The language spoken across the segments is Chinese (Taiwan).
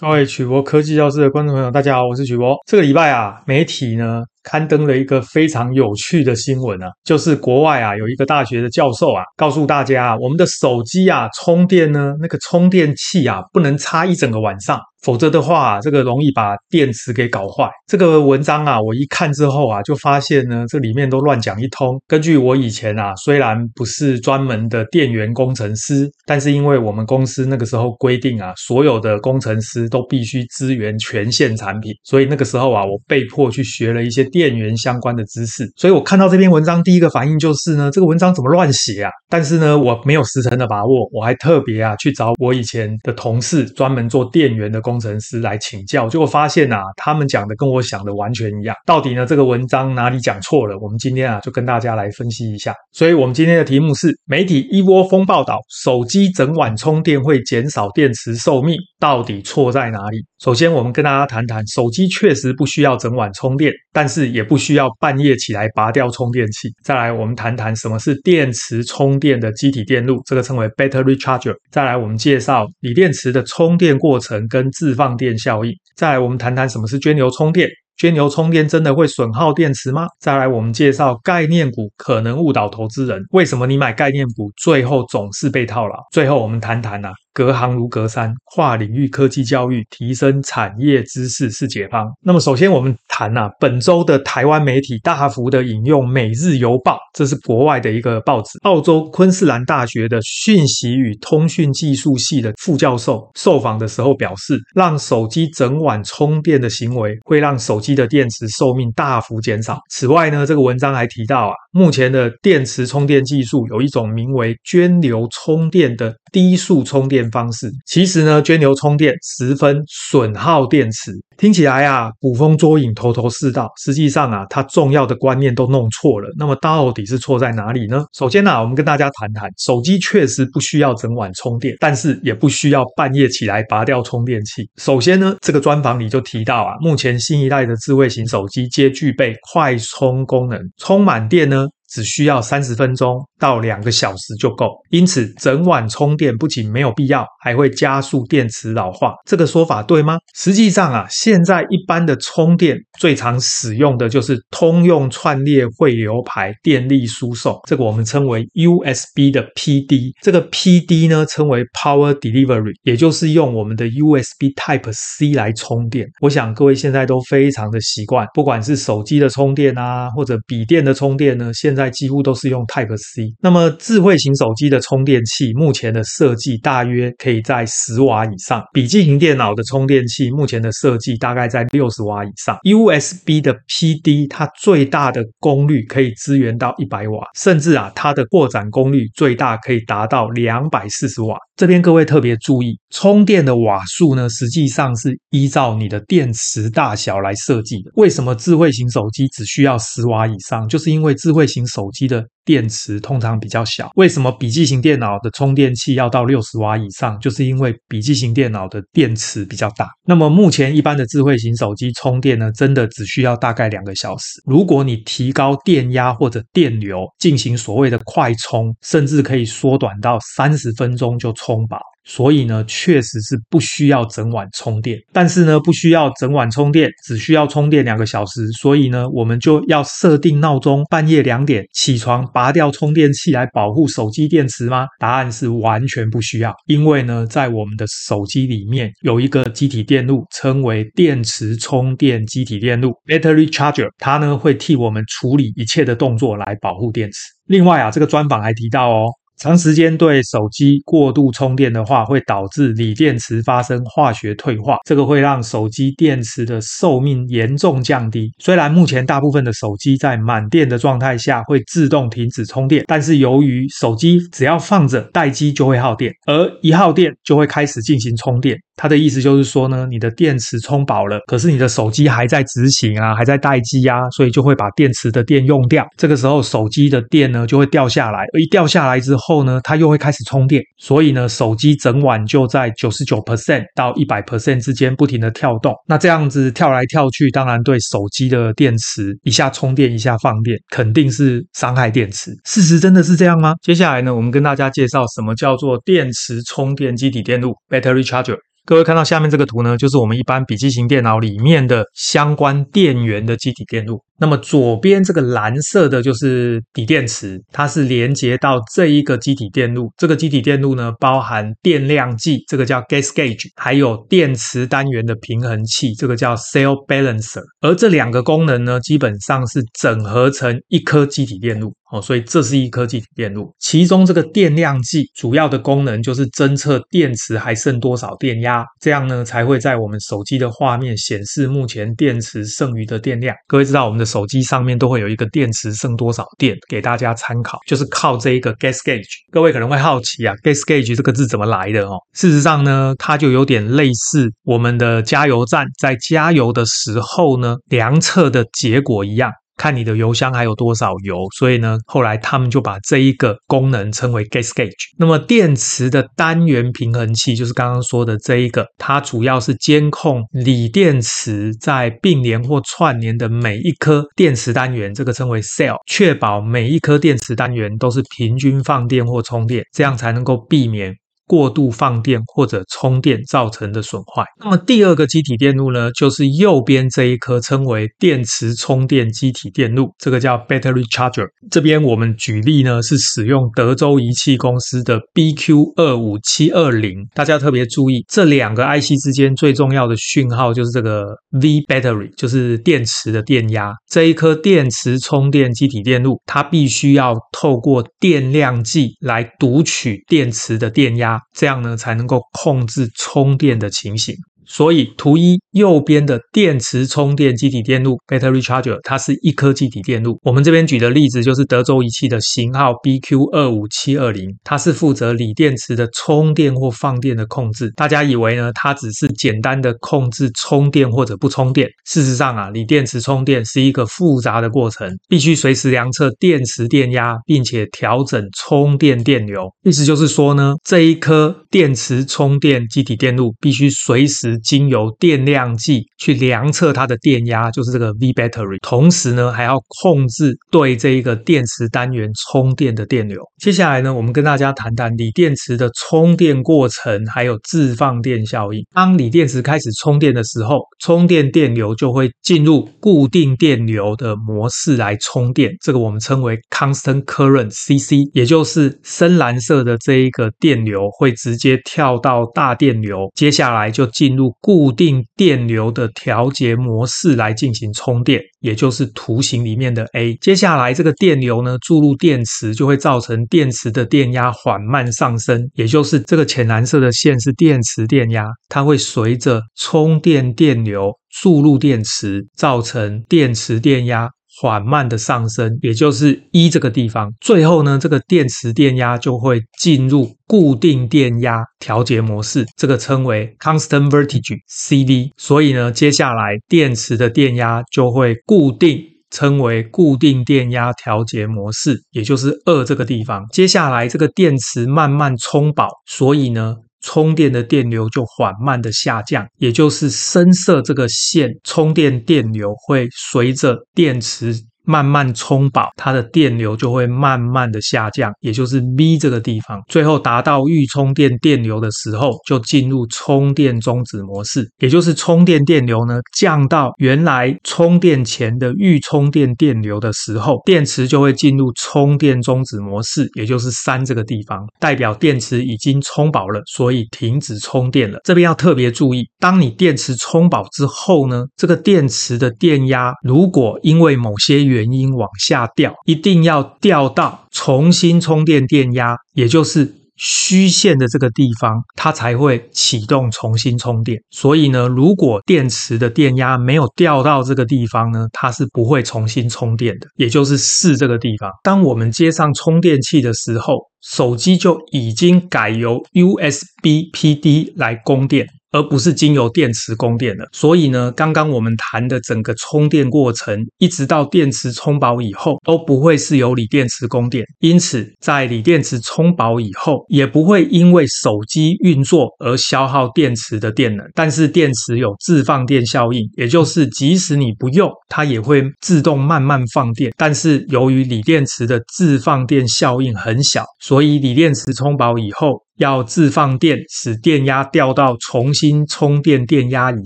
各位曲博科技教室的觀眾朋友，大家好，我是曲博。這個禮拜啊，媒體呢，刊登了一個非常有趣的新聞啊，就是國外啊有一個大學的教授啊告訴大家，我們的手機啊充電呢，那個充電器啊不能插一整個晚上，否則的話啊，這個容易把電池給搞壞。這個文章啊我一看之後啊就發現呢這裡面都亂講一通。根據我以前啊雖然不是專門的電源工程師，但是因為我們公司那個時候規定啊，所有的工程師都必須支援全線產品，所以那個時候啊我被迫去學了一些。電源相關的知識，所以我看到這篇文章第一個反應就是呢，這個文章怎麼亂寫啊？但是呢，我沒有十成的把握，我還特別啊去找我以前的同事，專門做電源的工程師來請教，結果發現啊，他們講的跟我想的完全一樣。到底呢，這個文章哪裡講錯了？我們今天啊，就跟大家來分析一下。所以我們今天的題目是：媒體一窩蜂報道手機整晚充電會減少電池壽命，到底錯在哪裡？首先，我們跟大家談談，手機確實不需要整晚充電，但是。也不需要半夜起來拔掉充電器。再來，我們談談什麼是電池充電的積體電路，這個稱為 battery charger。再來，我們介紹鋰電池的充電過程跟自放電效應。再來，我們談談什麼是涓流充電，涓流充電真的會損耗電池嗎？再來，我們介紹概念股可能誤導投資人，為什麼你買概念股最後總是被套牢？最後，我們談談吶、啊。隔行如隔山，跨領域科技教育，提升產業知識是解方。那麼，首先我們談啊，本周的台灣媒體大幅的引用《每日郵報》，這是國外的一個報紙。澳洲昆士蘭大學的訊息與通訊技術系的副教授受訪的時候表示，讓手機整晚充電的行為會讓手機的電池壽命大幅減少。此外呢，這個文章還提到啊，目前的電池充電技術有一種名為涓流充電的低速充電。方式其實呢，涓流充電十分損耗電池。聽起來啊，捕風捉影，頭頭是道。實際上啊，它重要的觀念都弄錯了。那麼到底是錯在哪裡呢？首先啊，我們跟大家談談，手機確實不需要整晚充電，但是也不需要半夜起來拔掉充電器。首先呢，這個專訪裡就提到啊，目前新一代的智慧型手機皆具備快充功能，充滿電呢。只需要三十分鐘到兩個小時就夠，因此整晚充電不僅沒有必要，還會加速電池老化。這個說法對嗎？實際上啊，現在一般的充電最常使用的就是通用串列匯流排電力輸送，這個我們稱為 USB 的 PD。這個 PD 呢稱為 Power Delivery，也就是用我們的 USB Type C 來充電。我想各位現在都非常的習慣，不管是手機的充電啊，或者筆電的充電呢，現在現在幾乎都是用 type C。那麼，智慧型手機的充電器目前的設計大約可以在十瓦以上；筆記型電腦的充電器目前的設計大概在六十瓦以上。USB 的 PD，它最大的功率可以支援到一百瓦，甚至啊，它的擴展功率最大可以達到兩百四十瓦。這邊各位特別注意，充電的瓦數呢，實際上是依照你的電池大小來設計的。為什麼智慧型手機只需要十瓦以上？就是因為智慧型。手機的。電池通常比較小，為什麼筆記型電腦的充電器要到六十瓦以上？就是因為筆記型電腦的電池比較大。那麼目前一般的智慧型手機充電呢，真的只需要大概兩個小時。如果你提高電壓或者電流進行所謂的快充，甚至可以縮短到三十分鐘就充飽。所以呢，確實是不需要整晚充電。但是呢，不需要整晚充電，只需要充電兩個小時。所以呢，我們就要設定鬧鐘，半夜兩點起床，拔掉充電器來保護手機電池嗎？答案是完全不需要，因為呢，在我們的手機裡面有一個積體電路，稱為電池充電積體電路 （Battery Charger），它呢會替我們處理一切的動作來保護電池。另外啊，這個專訪還提到哦。長時間對手機過度充電的話，會導致鋰電池發生化學退化，這個會讓手機電池的壽命嚴重降低。雖然目前大部分的手機在滿電的狀態下會自動停止充電，但是由於手機只要放着待機就會耗電，而一耗電就會開始進行充電。它的意思就是說呢，你的電池充飽了，可是你的手機還在執行啊，還在待機啊，所以就會把電池的電用掉。這個時候手機的電呢就會掉下來，而一掉下來之後。後呢，它又會開始充電，所以呢，手機整晚就在九十九 percent 到一百 percent 之間不停地跳動。那這樣子跳來跳去，當然對手機的電池，一下充電一下放電，肯定是傷害電池。事實真的是這樣嗎？接下來呢，我們跟大家介紹什麼叫做電池充電積體電路 （battery charger）。各位看到下面這個圖呢，就是我們一般筆記型電腦裡面的相關電源的積體電路。那麼左邊這個藍色的就是鋰電池，它是連接到這一個積體電路。這個積體電路呢，包含電量計，這個叫 gas gauge，還有電池單元的平衡器，這個叫 cell balancer。而這兩個功能呢，基本上是整合成一顆積體電路哦，所以這是一顆積體電路。其中這個電量計主要的功能就是偵測電池還剩多少電壓，這樣呢才會在我們手機的畫面顯示目前電池剩餘的電量。各位知道我們的。手機上面都會有一個電池剩多少電，給大家參考，就是靠這一個 gas gauge。各位可能會好奇啊，gas gauge 這個字怎麼來的哦？事實上呢，它就有點類似我們的加油站，在加油的時候呢，量測的結果一樣。看你的油箱還有多少油，所以呢，後來他們就把這一個功能稱為 gas gauge。那麼電池的單元平衡器就是剛剛說的這一個，它主要是監控鋰電池在並聯或串聯的每一顆電池單元，這個稱為 cell，確保每一顆電池單元都是平均放電或充電，這樣才能夠避免。過度放電或者充電造成的損壞。那麼第二個積體電路呢，就是右邊這一顆稱為電池充電積體電路，這個叫 battery charger。這邊我們舉例呢，是使用德州儀器公司的 BQ25720。大家特別注意這兩個 IC 之間最重要的訊號就是這個 V battery，就是電池的電壓。這一顆電池充電積體電路，它必須要透過電量計來讀取電池的電壓。這樣呢，才能夠控制充電的情形。所以圖一右邊的電池充電積體電路 （battery charger） 它是一顆積體電路。我們這邊舉的例子就是德州儀器的型號 BQ 二五七二零，它是負責鋰電池的充電或放電的控制。大家以為呢，它只是簡單的控制充電或者不充電？事實上啊，鋰電池充電是一個複雜的過程，必須隨時量測電池電壓，並且調整充電電流。意思就是說呢，這一顆電池充電積體電路必須隨時。經由電量計去量測它的電壓，就是這個 V battery。同時呢，還要控制對這一個電池單元充電的電流。接下來呢，我們跟大家談談鋰電池的充電過程，還有自放電效應。當鋰電池開始充電的時候，充電電流就會進入固定電流的模式來充電，這個我們稱為 constant current CC，也就是深藍色的這一個電流會直接跳到大電流，接下來就進入。固定電流的調節模式來進行充電，也就是圖形裡面的 A。接下來，這個電流呢，注入電池，就會造成電池的電壓緩慢上升，也就是這個淺藍色的線是電池電壓，它會隨着充電電流注入電池，造成電池電壓。緩慢的上升，也就是一這個地方，最後呢，這個電池電壓就會進入固定電壓調節模式，這個稱為 constant v o l t a g e c d。所以呢，接下來電池的電壓就會固定，稱為固定電壓調節模式，也就是二這個地方。接下來這個電池慢慢充飽，所以呢。充電的電流就緩慢的下降，也就是深色這個線，充電電流會隨着電池慢慢充飽，它的電流就會慢慢的下降，也就是 v 這個地方，最後達到預充電電流的時候，就進入充電終止模式，也就是充電電流呢降到原來充電前的預充電電流的時候，電池就會進入充電終止模式，也就是三這個地方，代表電池已經充飽了，所以停止充電了。這邊要特別注意，當你電池充飽之後呢，這個電池的電壓如果因為某些原原因往下掉，一定要掉到重新充電電壓，也就是虛線的這個地方，它才會啟動重新充電。所以呢，如果電池的電壓沒有掉到這個地方呢，它是不會重新充電的，也就是四這個地方。當我們接上充電器的時候，手機就已經改由 USB PD 來供電。而不是經由電池供電的，所以呢，剛剛我們談的整個充電過程，一直到電池充飽以後，都不會是由鋰電池供電。因此，在鋰電池充飽以後，也不會因為手機運作而消耗電池的電能。但是，電池有自放電效應，也就是即使你不用，它也會自動慢慢放電。但是，由於鋰電池的自放電效應很小，所以鋰電池充飽以後，要自放電，使電壓掉到重新充電電壓以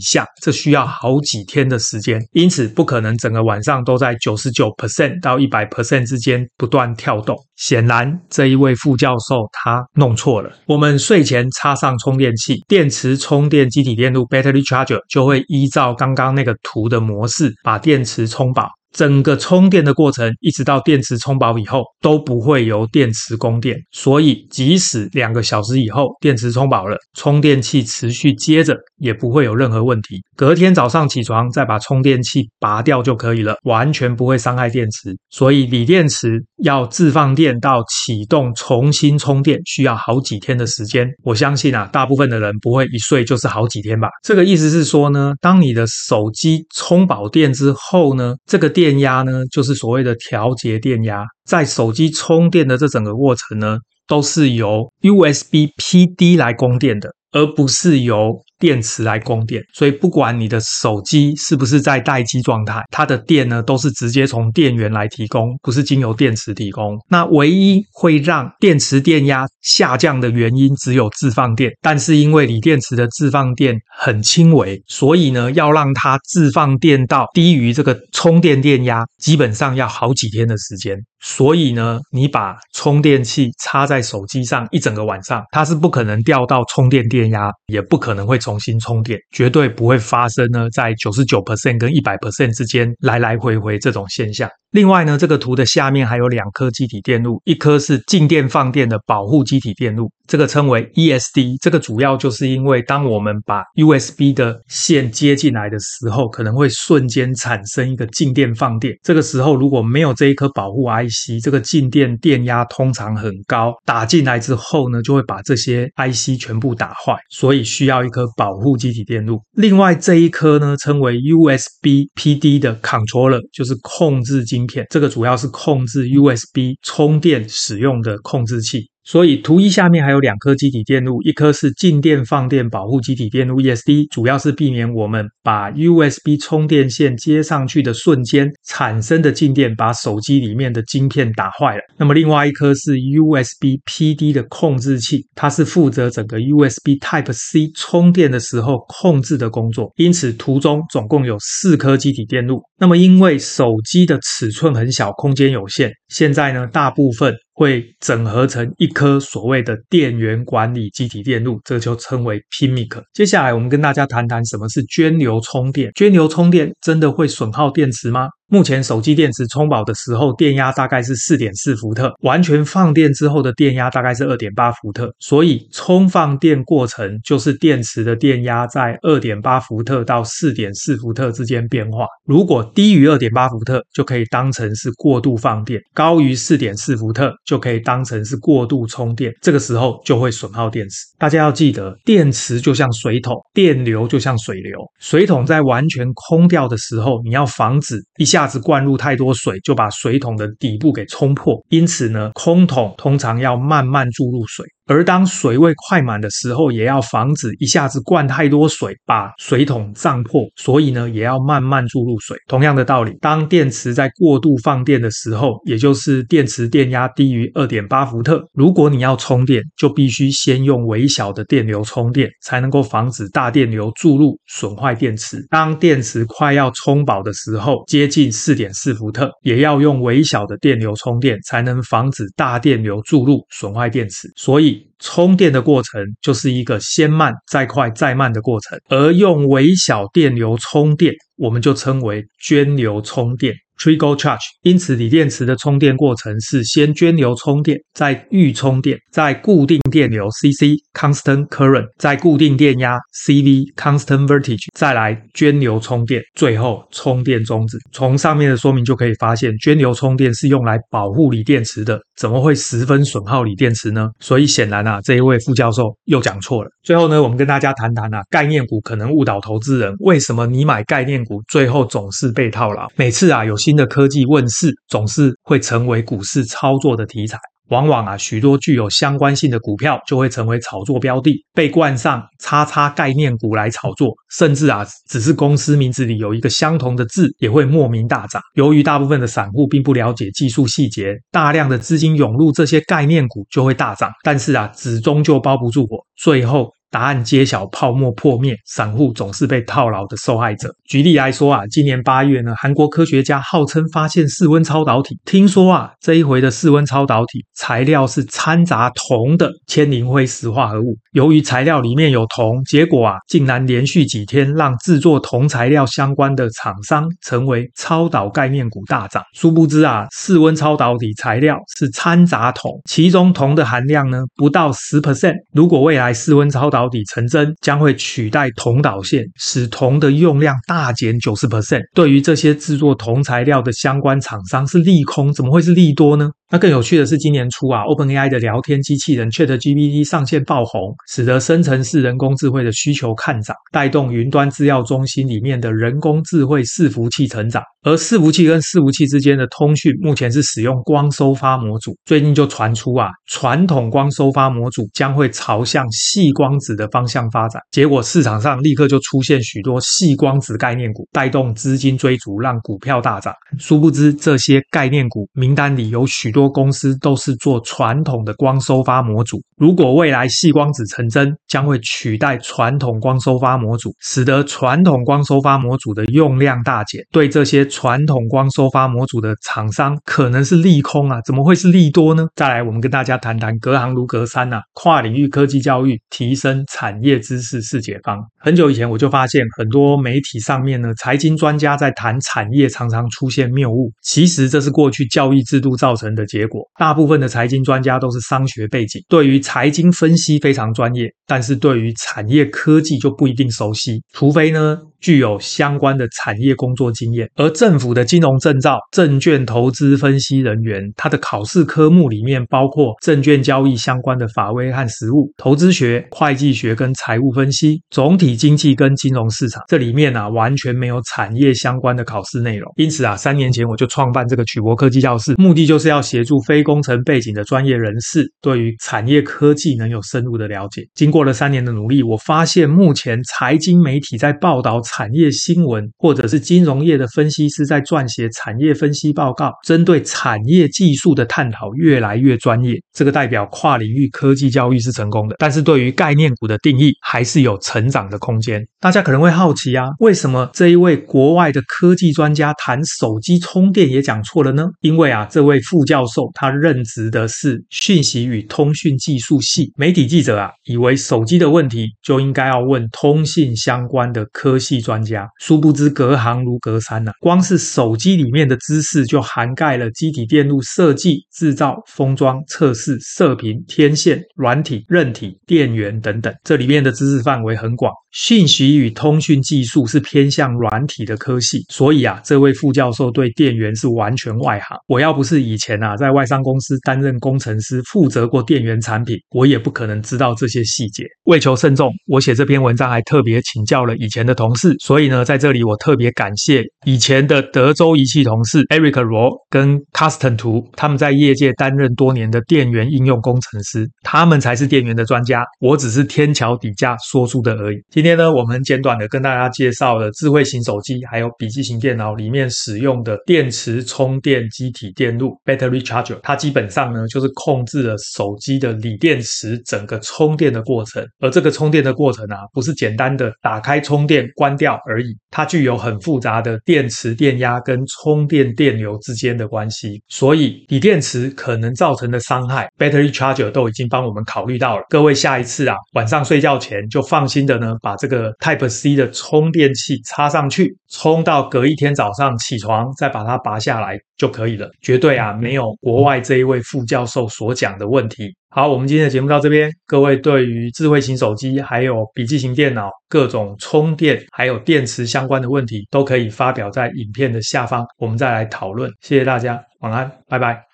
下，這需要好幾天的時間，因此不可能整個晚上都在九十九 percent 到一百 percent 之間不斷跳動。顯然，這一位副教授他弄錯了。我們睡前插上充電器，電池充電積體電路 battery charger 就會依照剛剛那個圖的模式，把電池充飽。整個充電的過程，一直到電池充飽以後，都不會由電池供電。所以，即使兩個小時以後電池充飽了，充電器持續接着也不會有任何問題。隔天早上起床再把充電器拔掉就可以了，完全不會傷害電池。所以，鋰電池要自放電到啟動重新充電需要好幾天的時間。我相信啊，大部分的人不會一睡就是好幾天吧？這個意思是說呢，當你的手機充飽電之後呢，這個電。電壓呢，就是所謂的調節電壓。在手機充電的這整個過程呢，都是由。USB PD 來供電的，而不是由電池來供電。所以不管你的手機是不是在待機狀態，它的電呢都是直接從電源來提供，不是經由電池提供。那唯一會讓電池電壓下降的原因只有自放電，但是因為鋰電池的自放電很輕微，所以呢要讓它自放電到低於這個充電電壓，基本上要好幾天的時間。所以呢，你把充電器插在手機上一整個晚上，它是不可能掉到充電電壓，也不可能會重新充電，絕對不會發生呢在九十九 percent 跟一百 percent 之間來來回回這種現象。另外呢，這個圖的下面還有兩顆積體電路，一顆是靜電放電的保護積體電路。這個稱為 ESD，這個主要就是因為當我們把 USB 的線接進來的時候，可能會瞬間產生一個靜電放電。這個時候如果沒有這一顆保護 IC，這個靜電電壓通常很高，打進來之後呢，就會把這些 IC 全部打壞。所以需要一顆保護積體電路。另外這一顆呢稱為 USB PD 的 controller，就是控制晶片，這個主要是控制 USB 充電使用的控制器。所以圖一下面還有兩顆積體電路，一顆是靜電放電保護積體電路 ESD，主要是避免我們把 USB 充電線接上去的瞬間產生的靜電把手機裡面的晶片打壞了。那麼另外一顆是 USB PD 的控制器，它是負責整個 USB Type C 充電的時候控制的工作。因此圖中總共有四顆積體電路。那麼因為手機的尺寸很小，空間有限，現在呢大部分，會整合成一顆所謂的電源管理積體電路，這個、就稱為 PMIC。接下來，我們跟大家談談什麼是涓流充電。涓流充電真的會損耗電池嗎？目前手機電池充飽的時候，電壓大概是四點四伏特，完全放電之後的電壓大概是二點八伏特，所以充放電過程就是電池的電壓在二點八伏特到四點四伏特之間變化。如果低於二點八伏特，就可以當成是過度放電；高於四點四伏特，就可以當成是過度充電。這個時候就會損耗電池。大家要記得，電池就像水桶，電流就像水流。水桶在完全空掉的時候，你要防止一下。一下子灌入太多水，就把水桶的底部給沖破。因此呢，空桶通常要慢慢注入水。而當水位快滿的時候，也要防止一下子灌太多水，把水桶脹破，所以呢，也要慢慢注入水。同樣的道理，當電池在過度放電的時候，也就是電池電壓低於二點八伏特，如果你要充電，就必須先用微小的電流充電，才能夠防止大電流注入損壞電池。當電池快要充飽的時候，接近四點四伏特，也要用微小的電流充電，才能防止大電流注入損壞電池。所以，充電的過程就是一個先慢再快再慢的過程，而用微小電流充電，我們就稱為涓流充電。Trickle charge，因此鋰電池的充電過程是先涓流充電，再預充電，再固定電流 CC（Constant Current），再固定電壓 CV（Constant Voltage），再來涓流充電，最後充電終止。從上面的說明就可以發現，涓流充電是用來保護鋰電池的，怎麼會十分損耗鋰電池呢？所以顯然啊，這一位副教授又講錯了。最後呢，我們跟大家談談啊，概念股可能誤導投資人。為什麼你買概念股最後總是被套牢？每次啊有。新的科技問世，總是會成為股市操作的題材。往往啊，許多具有相關性的股票就會成為炒作標的，被冠上“叉叉”概念股來炒作。甚至啊，只是公司名字裡有一個相同的字，也會莫名大漲。由於大部分的散戶並不了解技術細節，大量的資金湧入這些概念股就會大漲。但是啊，紙終究包不住火，最後。答案揭曉，泡沫破滅，散戶總是被套牢的受害者。舉例來說啊，今年八月呢，韓國科學家號稱發現室溫超導體。聽說啊，這一回的室溫超導體材料是摻雜銅的鉛磷灰石化合物。由於材料裡面有銅，結果啊，竟然連續幾天讓製作銅材料相關的廠商成為超導概念股大漲。殊不知啊，室溫超導體材料是摻雜銅，其中銅的含量呢，不到十 percent。如果未來室溫超導，導體成真將會取代銅導線，使銅的用量大減九十 percent。對於這些制作銅材料的相關廠商是利空，怎麼會是利多呢？那更有趣的是，今年初啊，OpenAI 的聊天機器人 ChatGPT 上線爆紅，使得生成式人工智慧的需求看漲，帶動雲端資料中心裡面的人工智慧伺服器成長。而伺服器跟伺服器之間的通訊，目前是使用光收發模組。最近就傳出啊，傳統光收發模組將會朝向矽光子的方向發展。結果市場上立刻就出現許多矽光子概念股，帶動資金追逐，讓股票大漲。殊不知這些概念股名單裡有許多。多公司都是做傳統的光收發模組，如果未來矽光子成真，將會取代傳統光收發模組，使得傳統光收發模組的用量大減，對這些傳統光收發模組的廠商可能是利空啊？怎麼會是利多呢？再來，我們跟大家談談隔行如隔山啊，跨領域科技教育提升產業知識是解放。很久以前我就發現，很多媒體上面呢，財經專家在談產業常常出現謬誤，其實這是過去教育制度造成的。結果，大部分的財經專家都是商學背景，對於財經分析非常專業，但是對於產業科技就不一定熟悉，除非呢，具有相關的產業工作經驗，而政府的金融證照、證券投資分析人員，他的考試科目裡面包括證券交易相關的法規和實務、投資學、會計學跟財務分析、總體經濟跟金融市場，這裡面啊完全沒有產業相關的考試內容。因此啊，三年前我就創辦這個曲博科技教室，目的就是要協助非工程背景的專業人士對於產業科技能有深入的了解。經過了三年的努力，我發現目前財經媒體在報道。產業新聞或者是金融業的分析師在撰寫產業分析報告，針對產業技術的探討越來越專業。這個代表跨領域科技教育是成功的，但是對於概念股的定義還是有成長的空間。大家可能會好奇啊，為什麼這一位國外的科技專家談手機充電也講錯了呢？因為啊，這位副教授他任職的是訊息與通訊技術系，媒體記者啊，以為手機的問題就應該要問通信相關的科系。專家殊不知隔行如隔山吶，啊，光是手機裡面的知識就涵蓋了機體電路設計、制造、封裝、測試、射頻、天線、軟體、韌體、電源等等，這裡面的知識範圍很廣。信息與通訊技術是偏向軟體的科系，所以啊，這位副教授對電源是完全外行。我要不是以前啊，在外商公司擔任工程師，負責過電源產品，我也不可能知道這些細節。為求慎重，我寫這篇文章還特別請教了以前的同事。所以呢，在這裡我特別感謝以前的德州儀器同事 Eric Roe 跟 Custon 圖，他們在業界擔任多年的電源應用工程師，他們才是電源的專家，我只是天橋底下說書的而已。今天呢，我們簡短的跟大家介紹了智慧型手機還有筆記型電腦裡面使用的電池充電積體電路 Battery Charger，它基本上呢就是控制了手機的鋰電池整個充電的過程，而這個充電的過程啊，不是簡單的打開充電關電掉而已，它具有很複雜的電池電壓跟充電電流之間的關係，所以鋰電池可能造成的傷害，battery charger 都已經幫我們考慮到了。各位下一次啊，晚上睡覺前就放心的呢，把這個 Type C 的充電器插上去，充到隔一天早上起床再把它拔下來就可以了，絕對啊，沒有國外這一位副教授所講的問題。好，我們今天的節目到這邊。各位對於智慧型手機還有筆記型電腦各種充電還有電池相關的問題，都可以發表在影片的下方，我們再來討論。謝謝大家，晚安，拜拜。